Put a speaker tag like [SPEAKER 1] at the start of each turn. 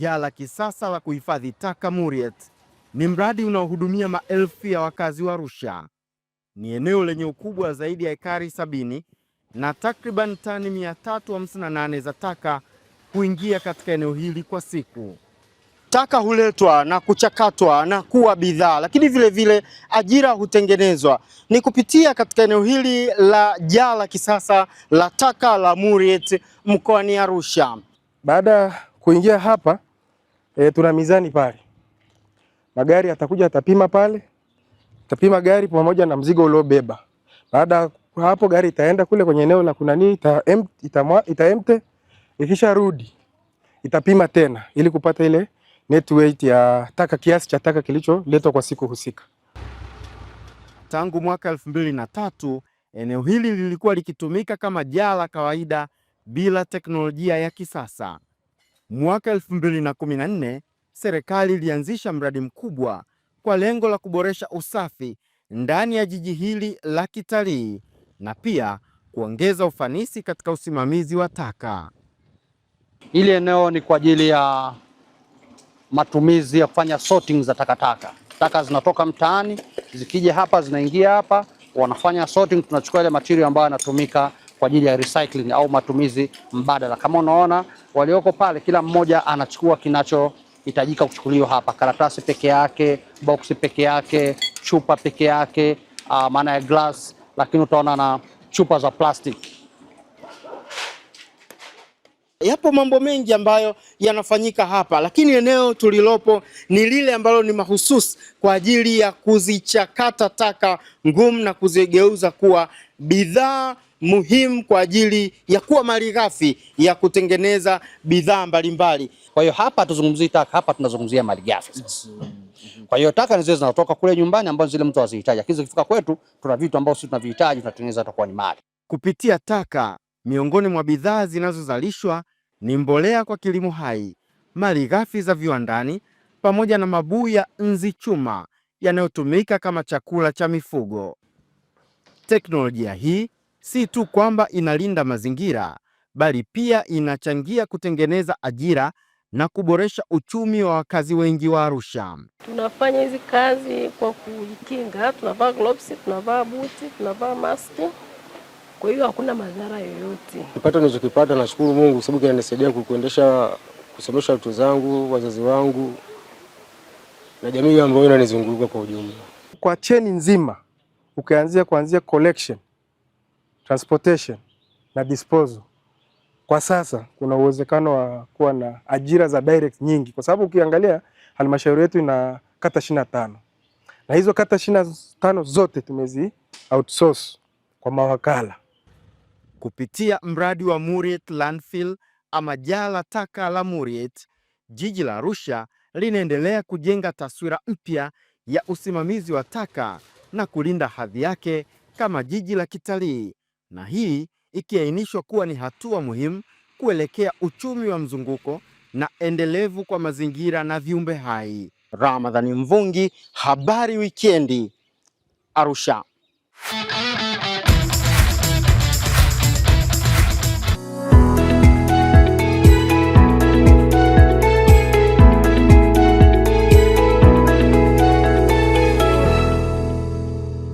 [SPEAKER 1] jaa la kisasa la kuhifadhi taka Muriet ni mradi unaohudumia maelfu ya wakazi wa Arusha. Ni eneo lenye ukubwa zaidi ya ekari sabini na takriban tani 358 za taka kuingia katika eneo hili kwa siku.
[SPEAKER 2] Taka huletwa na kuchakatwa na kuwa bidhaa, lakini vile vile ajira hutengenezwa ni kupitia katika eneo hili la jaa la kisasa la taka la Muriet mkoani Arusha.
[SPEAKER 3] Baada ya kuingia hapa, E, tuna mizani pale, magari atakuja atapima pale, atapima gari pamoja na mzigo uliobeba. Baada hapo gari itaenda kule kwenye eneo la nini, ita itaemte, ikisharudi itapima tena ili kupata ile net weight ya taka, kiasi cha taka kilicholetwa kwa siku husika.
[SPEAKER 1] Tangu mwaka elfu mbili na tatu eneo hili lilikuwa likitumika kama jaa la kawaida bila teknolojia ya kisasa. Mwaka 2014 serikali ilianzisha mradi mkubwa kwa lengo la kuboresha usafi ndani ya jiji hili la kitalii na pia kuongeza ufanisi katika usimamizi wa taka.
[SPEAKER 2] Hili eneo ni kwa ajili ya matumizi ya kufanya sorting za takataka. Taka zinatoka mtaani, zikija hapa zinaingia hapa, wanafanya sorting, tunachukua ile material ambayo yanatumika kwa ajili ya recycling au matumizi mbadala. Kama unaona walioko pale, kila mmoja anachukua kinachohitajika kuchukuliwa hapa, karatasi peke yake, boksi peke yake, chupa peke yake, ah, maana ya glass, lakini utaona na chupa za plastic. Yapo mambo mengi ambayo yanafanyika hapa, lakini eneo tulilopo ni lile ambalo ni mahususi kwa ajili ya kuzichakata taka ngumu na kuzigeuza kuwa bidhaa muhimu kwa ajili ya kuwa mali ghafi ya kutengeneza bidhaa mbalimbali. Kwa hiyo hapa tuzungumzie taka, hapa tunazungumzia malighafi sasa. Kwa hiyo taka ni zile zinatoka kule nyumbani ambazo zile mtu azihitaji, lakini zikifika kwetu tuna vitu ambavyo sisi tunavihitaji, tunatengeneza atakuwa ni mali.
[SPEAKER 1] Kupitia taka, miongoni mwa bidhaa zinazozalishwa ni mbolea kwa kilimo hai, mali ghafi za viwandani pamoja na mabuu ya nzi chuma yanayotumika kama chakula cha mifugo. Teknolojia hii si tu kwamba inalinda mazingira, bali pia inachangia kutengeneza ajira na kuboresha uchumi wa wakazi wengi wa Arusha.
[SPEAKER 4] Tunafanya hizi kazi kwa kujikinga, tunavaa gloves, tunavaa buti, tunavaa maski, kwa hiyo hakuna madhara yoyote.
[SPEAKER 3] Kipato ninachokipata nashukuru Mungu sababu kinanisaidia kuendesha, kusomesha watoto zangu, wazazi wangu na jamii ambayo inanizunguka kwa ujumla. Kwa cheni nzima ukianzia kuanzia collection transportation na disposal. Kwa sasa kuna uwezekano wa kuwa na ajira za direct nyingi, kwa sababu ukiangalia halmashauri yetu ina kata ishirini na tano na hizo kata ishirini tano zote tumezi outsource kwa mawakala
[SPEAKER 1] kupitia mradi wa Muriet Landfill ama jala la taka la Muriet. Jiji la Arusha linaendelea kujenga taswira mpya ya usimamizi wa taka na kulinda hadhi yake kama jiji la kitalii na hii ikiainishwa kuwa ni hatua muhimu kuelekea uchumi wa mzunguko na endelevu kwa mazingira na viumbe hai. Ramadhani Mvungi, Habari Wikendi, Arusha.